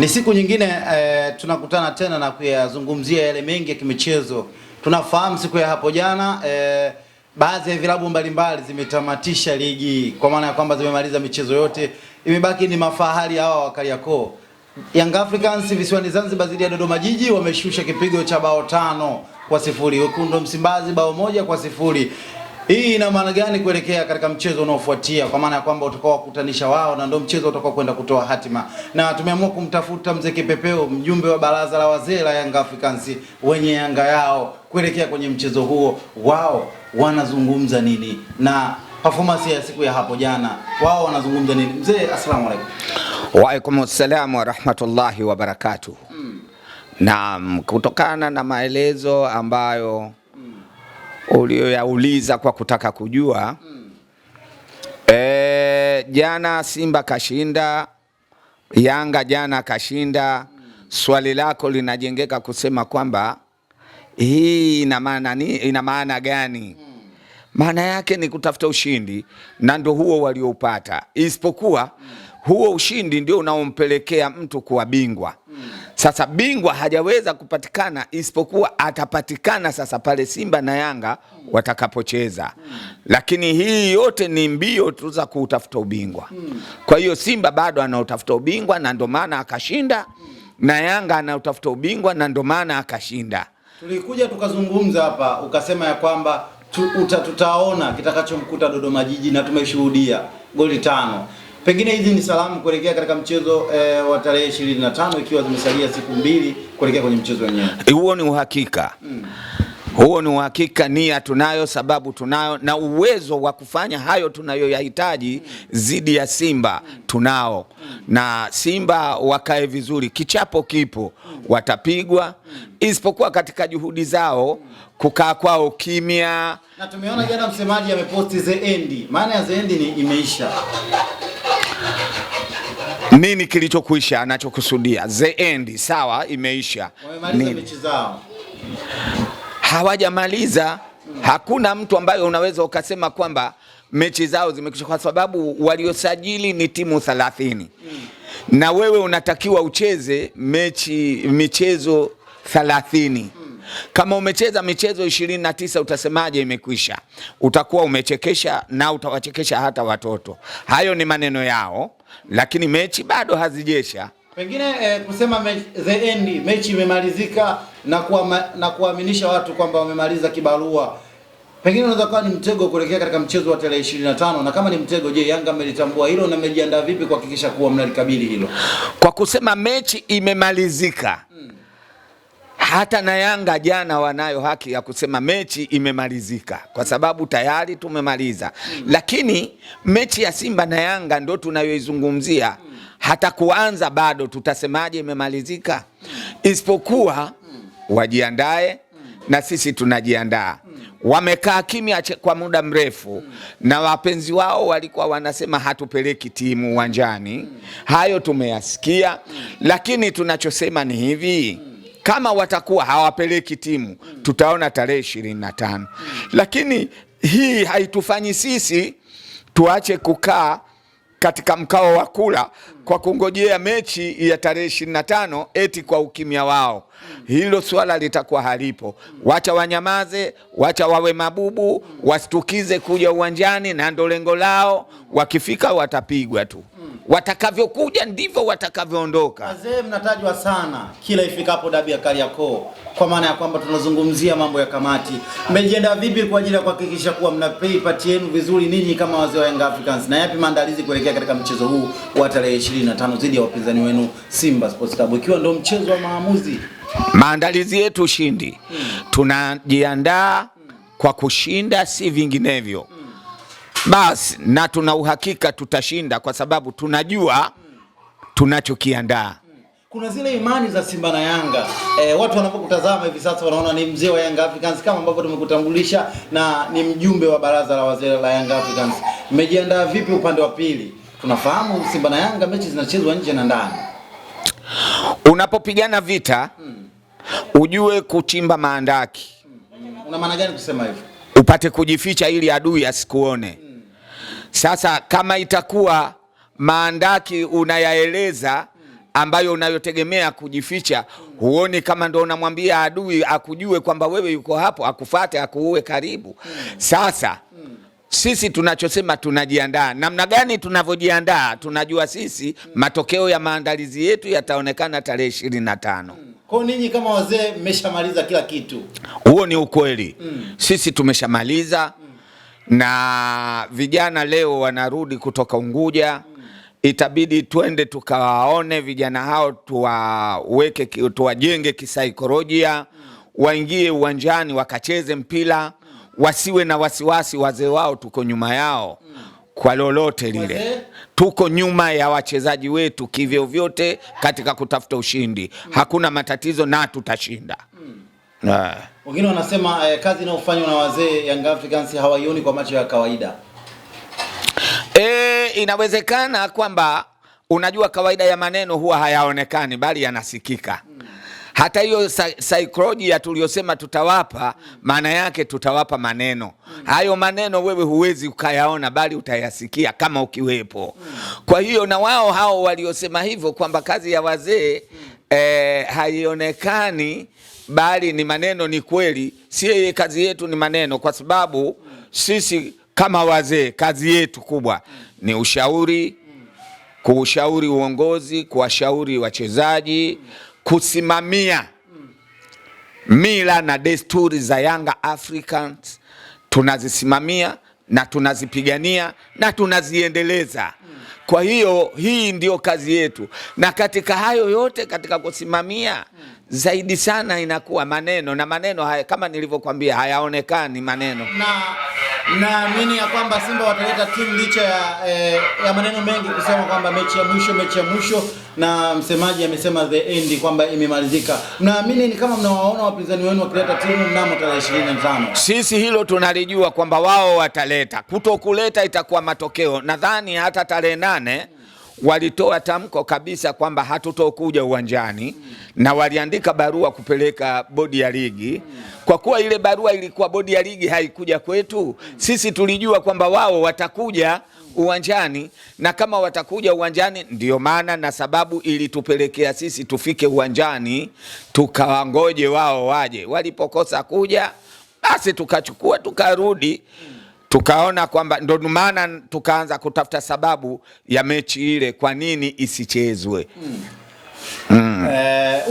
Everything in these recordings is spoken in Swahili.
Ni siku nyingine eh, tunakutana tena na kuyazungumzia yale mengi ya kimichezo. Tunafahamu siku ya hapo jana eh, baadhi ya vilabu mbalimbali zimetamatisha ligi kwa maana ya kwamba zimemaliza michezo yote, imebaki ni mafahari hawa wa Kariakoo. Young Africans visiwani Zanzibar dhidi ya Dodoma Jiji wameshusha kipigo cha bao tano kwa sifuri. Wekundu Msimbazi bao moja kwa sifuri. Hii ina maana gani kuelekea katika mchezo unaofuatia? Kwa maana ya kwamba utakao wakutanisha wao na ndio mchezo utakao kwenda kutoa hatima, na tumeamua kumtafuta mzee Kipepeo, mjumbe wa baraza la wazee la Young Africans wenye Yanga yao kuelekea kwenye mchezo huo, wao wanazungumza nini na performance ya siku ya hapo jana, wao wanazungumza nini? Mzee, asalamu alaykum. Wa alaykum assalam wa rahmatullahi wa barakatuh. Hmm. Naam, kutokana na maelezo ambayo uliyoyauliza kwa kutaka kujua mm. E, jana Simba kashinda, Yanga jana kashinda mm. Swali lako linajengeka kusema kwamba hii ina maana ni ina maana gani? Hmm. Maana mm. yake ni kutafuta ushindi na ndio huo walioupata, isipokuwa mm. huo ushindi ndio unaompelekea mtu kuwa bingwa mm. Sasa bingwa hajaweza kupatikana isipokuwa atapatikana sasa pale Simba na Yanga watakapocheza. Mm. Lakini hii yote ni mbio tu za kuutafuta ubingwa. Mm. Kwa hiyo Simba bado anautafuta ubingwa na ndio maana akashinda. Mm. Na Yanga anautafuta ubingwa na ndio maana akashinda. Tulikuja tukazungumza hapa ukasema ya kwamba tu, uta, tutaona kitakachomkuta Dodoma Jiji na tumeshuhudia goli tano. Pengine hizi ni salamu kuelekea katika mchezo e, wa tarehe 25 ikiwa zimesalia siku mbili kuelekea kwenye mchezo wenyewe. Huo ni uhakika mm. Huo ni uhakika, nia tunayo, sababu tunayo, na uwezo wa kufanya hayo tunayoyahitaji dhidi ya Simba tunao, hmm. na Simba wakae vizuri, kichapo kipo, hmm. watapigwa, hmm. isipokuwa katika juhudi zao kukaa kwao kimya. Na tumeona jana msemaji ameposti the end, maana ya the end ni imeisha nini kilichokuisha anachokusudia. The end, sawa, imeisha. hawajamaliza. Hakuna mtu ambaye unaweza ukasema kwamba mechi zao zimekwisha, kwa sababu waliosajili ni timu 30 hmm. na wewe unatakiwa ucheze mechi michezo 30 kama umecheza michezo ishirini na tisa utasemaje imekwisha? Utakuwa umechekesha na utawachekesha hata watoto. Hayo ni maneno yao, lakini mechi bado hazijesha. Pengine eh, kusema me, the end, mechi imemalizika na kuwa, na kuaminisha watu kwamba wamemaliza kibarua pengine unaweza kuwa ni mtego kuelekea katika mchezo wa tarehe 25, na kama ni mtego, je, Yanga mmelitambua hilo na mmejiandaa vipi kuhakikisha kuwa mnalikabili hilo? Kwa kusema mechi imemalizika, hmm hata na Yanga jana wanayo haki ya kusema mechi imemalizika kwa sababu tayari tumemaliza, lakini mechi ya Simba na Yanga ndo tunayoizungumzia. Hata kuanza bado, tutasemaje imemalizika? Isipokuwa wajiandae na sisi tunajiandaa. Wamekaa kimya kwa muda mrefu na wapenzi wao walikuwa wanasema hatupeleki timu uwanjani. Hayo tumeyasikia, lakini tunachosema ni hivi kama watakuwa hawapeleki timu tutaona tarehe ishirini na tano, lakini hii haitufanyi sisi tuache kukaa katika mkao wa kula kwa kungojea mechi ya tarehe ishirini na tano eti kwa ukimya wao, hilo swala litakuwa halipo. Wacha wanyamaze, wacha wawe mabubu, wasitukize kuja uwanjani, na ndo lengo lao. Wakifika watapigwa tu, watakavyokuja ndivyo watakavyoondoka. Wazee mnatajwa sana kila ifikapo dabi ya Kariakoo, kwa maana ya kwamba tunazungumzia mambo ya kamati. Mmejiandaa vipi kwa ajili ya kuhakikisha kuwa mna play yenu vizuri ninyi kama wazee wa Young Africans, na yapi maandalizi kuelekea katika mchezo huu wa tarehe 25 dhidi ya wapinzani wenu Simba Sports Club, ikiwa ndio mchezo wa maamuzi. Maandalizi yetu ushindi, hmm. tunajiandaa kwa kushinda, si vinginevyo hmm. basi, na tuna uhakika tutashinda kwa sababu tunajua tunachokiandaa kuna zile imani za Simba na Yanga e, watu wanapokutazama hivi sasa wanaona ni mzee wa Yanga Africans kama ambavyo tumekutambulisha na ni mjumbe wa baraza la wazee la Yanga Africans. Mmejiandaa vipi upande wa pili tunafahamu Simba na Yanga mechi zinachezwa nje na ndani. Unapopigana vita hmm. ujue kuchimba maandaki hmm. una maana gani kusema hivyo? Upate kujificha ili adui asikuone hmm. Sasa kama itakuwa maandaki unayaeleza hmm. ambayo unayotegemea kujificha, hmm. huoni kama ndo unamwambia adui akujue kwamba wewe yuko hapo, akufate, akuue karibu. Hmm. Sasa sisi tunachosema tunajiandaa. Namna gani tunavyojiandaa? Tunajua sisi matokeo ya maandalizi yetu yataonekana tarehe ishirini na tano. Hmm. Kwa ninyi kama wazee mmeshamaliza kila kitu, huo ni ukweli mm. Sisi tumeshamaliza mm. na vijana leo wanarudi kutoka Unguja mm. Itabidi twende tukawaone vijana hao, tuwaweke, tuwajenge kisaikolojia mm. waingie uwanjani wakacheze mpira wasiwe na wasiwasi, wazee wao tuko nyuma yao Kwa lolote lile tuko nyuma ya wachezaji wetu kivyovyote katika kutafuta ushindi Hakuna matatizo na tutashinda hmm. eh. Wengine wanasema eh, kazi inayofanywa na wazee Young Africans hawaioni kwa macho ya kawaida. E, inawezekana kwamba unajua kawaida ya maneno huwa hayaonekani bali yanasikika hmm hata hiyo saikolojia tuliyosema tutawapa, maana yake tutawapa maneno hayo. Maneno wewe huwezi ukayaona, bali utayasikia kama ukiwepo. Kwa hiyo na wao hao waliosema hivyo kwamba kazi ya wazee eh, haionekani bali ni maneno, ni kweli. Si yeye kazi yetu ni maneno, kwa sababu sisi kama wazee kazi yetu kubwa ni ushauri, kuushauri uongozi, kuwashauri wachezaji kusimamia mila na desturi za Yanga Africans tunazisimamia na tunazipigania na tunaziendeleza. Kwa hiyo hii ndiyo kazi yetu, na katika hayo yote, katika kusimamia zaidi sana inakuwa maneno na maneno haya, kama nilivyokwambia, hayaonekani maneno na naamini ya kwamba Simba wataleta timu licha ya, eh, ya maneno mengi kusema kwamba mechi ya mwisho mechi ya mwisho, na msemaji amesema the end kwamba imemalizika. naamini ni kama mnawaona wapinzani wenu wakileta timu mnamo tarehe 25? Sisi hilo tunalijua kwamba wao wataleta, kutokuleta itakuwa matokeo. Nadhani hata tarehe nane walitoa tamko kabisa kwamba hatutokuja uwanjani na waliandika barua kupeleka bodi ya ligi kwa kuwa ile barua ilikuwa bodi ya ligi haikuja kwetu sisi tulijua kwamba wao watakuja uwanjani na kama watakuja uwanjani, ndio maana na sababu ilitupelekea sisi tufike uwanjani tukawangoje wao waje. Walipokosa kuja, basi tukachukua tukarudi tukaona kwamba ndo maana tukaanza kutafuta sababu ya mechi ile kwa nini isichezwe mm. Mm. Eh,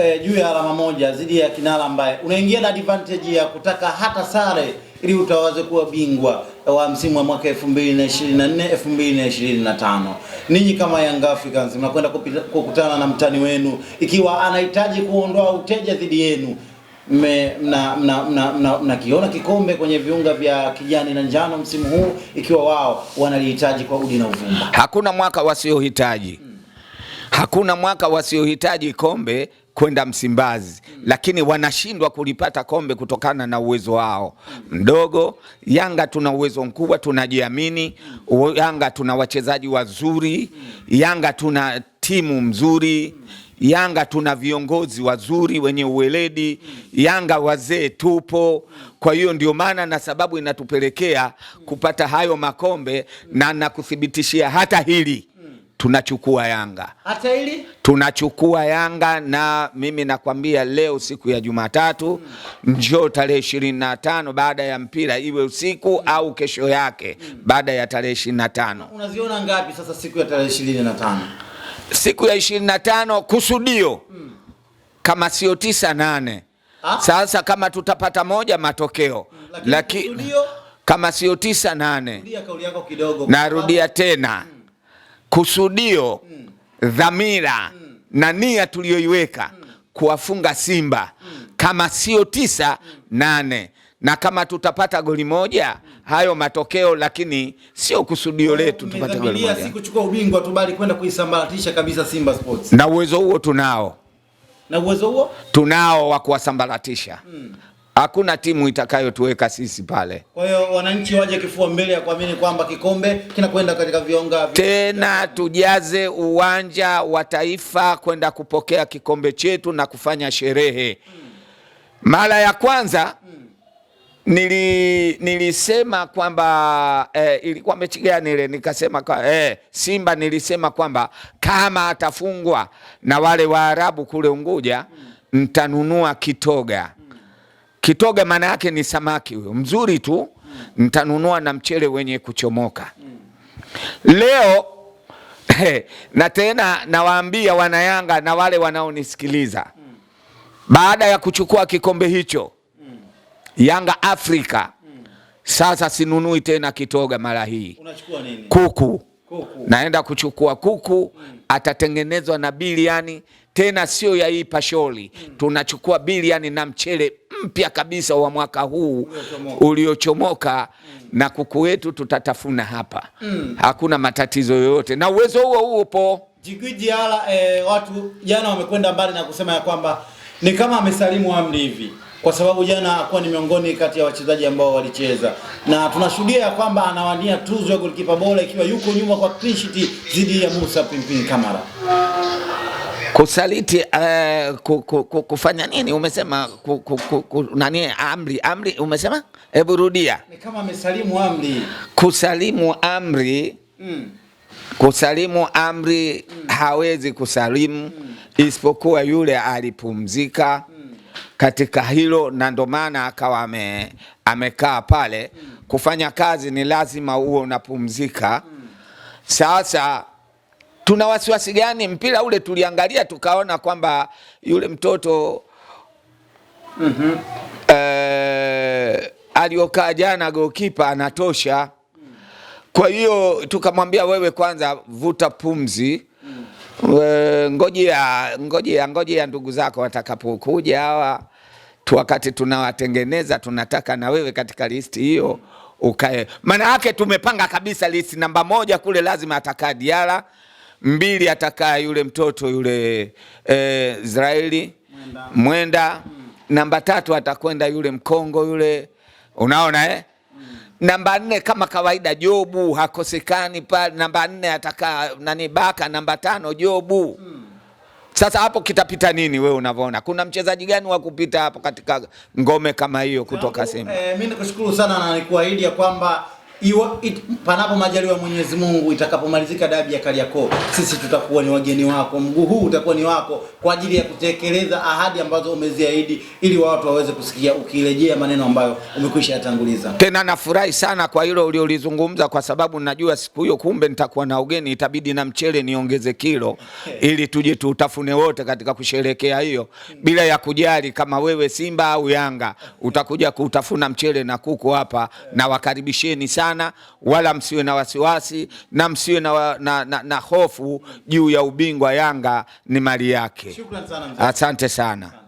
eh, juu ya alama moja zidi ya Kinara ambaye unaingia na advantage ya kutaka hata sare ili utawaze kuwa bingwa wa msimu wa mwaka 2024 2025. Ninyi kama Young Africans mnakwenda kukutana na mtani wenu ikiwa anahitaji kuondoa uteja dhidi yenu mnakiona mna, mna, mna, mna kikombe kwenye viunga vya kijani na njano msimu huu, ikiwa wao wanalihitaji kwa udi na uvumba. Hakuna mwaka wasiohitaji hmm. Hakuna mwaka wasiohitaji kombe kwenda Msimbazi hmm. Lakini wanashindwa kulipata kombe kutokana na uwezo wao mdogo. Yanga tuna uwezo mkubwa, tunajiamini. Yanga tuna wachezaji wazuri. Yanga tuna timu mzuri hmm. Yanga tuna viongozi wazuri wenye uweledi Yanga wazee tupo. Kwa hiyo ndio maana na sababu inatupelekea kupata hayo makombe, na nakuthibitishia hata hili tunachukua Yanga, hata hili tunachukua Yanga. Na mimi nakwambia leo siku ya Jumatatu njo njoo tarehe ishirini na tano baada ya mpira iwe usiku au kesho yake baada ya tarehe ishirini na tano. Unaziona ngapi sasa siku ya tarehe ishirini na tano? siku ya ishirini na tano kusudio kama sio tisa nane ha? Ah. Sasa kama tutapata moja matokeo hmm. lakini Laki, kama sio tisa nane narudia tena hmm. kusudio hmm. dhamira hmm. na nia tuliyoiweka hmm. kuwafunga Simba hmm. kama sio tisa hmm. nane na kama tutapata goli moja hmm hayo matokeo, lakini sio kusudio letu tupate goli moja, si kuchukua ubingwa tu, bali kwenda kuisambaratisha kabisa Simba Sports. Na uwezo huo tunao, na uwezo huo tunao wa kuwasambaratisha hmm. Hakuna timu itakayotuweka sisi pale. Kwa hiyo wananchi waje kifua mbele ya kuamini kwamba kikombe kinakwenda katika viunga vya tena, tujaze uwanja wa Taifa kwenda kupokea kikombe chetu na kufanya sherehe hmm. mara ya kwanza hmm. Nili, nilisema kwamba eh, ilikuwa mechi gani ile? Nikasema kwa, eh, Simba nilisema kwamba kama atafungwa na wale Waarabu kule Unguja ntanunua kitoga. Kitoga maana yake ni samaki huyo mzuri tu, ntanunua na mchele wenye kuchomoka leo eh, na tena nawaambia Wanayanga na wale wanaonisikiliza, baada ya kuchukua kikombe hicho Yanga Afrika Sasa sinunui tena kitoga mara hii. Unachukua nini? Kuku. Kuku naenda kuchukua kuku hmm. Atatengenezwa na biliani tena, sio ya hii pasholi hmm. Tunachukua biliani na mchele mpya kabisa wa mwaka huu uliochomoka hmm. Na kuku wetu tutatafuna hapa hmm. Hakuna matatizo yoyote na uwezo huo huo upo jigiji ala. Eh, watu jana wamekwenda mbali na kusema ya kwamba ni kama amesalimu amri hivi kwa sababu jana akuwa ni miongoni kati ya wachezaji ambao walicheza, na tunashuhudia ya kwamba anawania tuzo ya golikipa bora ikiwa yuko nyuma kwa clean sheet dhidi ya Musa Pimpin Kamara. Kusaliti uh, ku, ku, ku, kufanya nini umesema ku, ku, ku, ku, nani amri amri umesema, hebu rudia. Ni kama amesalimu amri, kusalimu amri mm. Kusalimu amri mm. hawezi kusalimu mm. isipokuwa yule alipumzika mm katika hilo, na ndo maana akawa ame, amekaa pale Kufanya kazi ni lazima uwe unapumzika Sasa tuna wasiwasi gani? Mpira ule tuliangalia tukaona kwamba yule mtoto mm -hmm. E, aliokaa jana gokipa anatosha. Kwa hiyo tukamwambia wewe, kwanza vuta pumzi Eh, ngojea, ngojea, ngojea ndugu zako watakapokuja hawa tu, wakati tunawatengeneza tunataka na wewe katika listi hiyo ukae. Maana yake tumepanga kabisa listi namba moja kule lazima atakaa Diara, mbili atakaa yule mtoto yule eh, Israeli Mwenda, Mwenda. Hmm. Namba tatu atakwenda yule Mkongo yule, unaona eh? Namba nne kama kawaida Jobu hakosekani pale. Namba nne ataka nani Baka, namba tano Jobu hmm. Sasa hapo kitapita nini? Wewe unavyoona kuna mchezaji gani wa kupita hapo katika ngome kama hiyo kutoka Simba? Eh, mimi nikushukuru sana na nikuahidi ya kwamba iwa it, panapo majaliwa ya Mwenyezi Mungu, itakapomalizika dabi ya Kariakoo, sisi tutakuwa ni wageni wako, mguu huu utakuwa ni wako kwa ajili ya kutekeleza ahadi ambazo umeziahidi, ili watu waweze kusikia ukirejea maneno ambayo umekwisha yatanguliza. Tena nafurahi sana kwa hilo uliolizungumza, kwa sababu najua siku hiyo kumbe nitakuwa na ugeni, itabidi na mchele niongeze kilo ili tuje tutafune wote katika kusherekea hiyo, bila ya kujali kama wewe Simba au Yanga, utakuja kutafuna mchele na kuku hapa, na wakaribisheni sana sana, wala msiwe na wasiwasi na msiwe na, na, na, na hofu juu ya ubingwa. Yanga ni mali yake. Asante sana.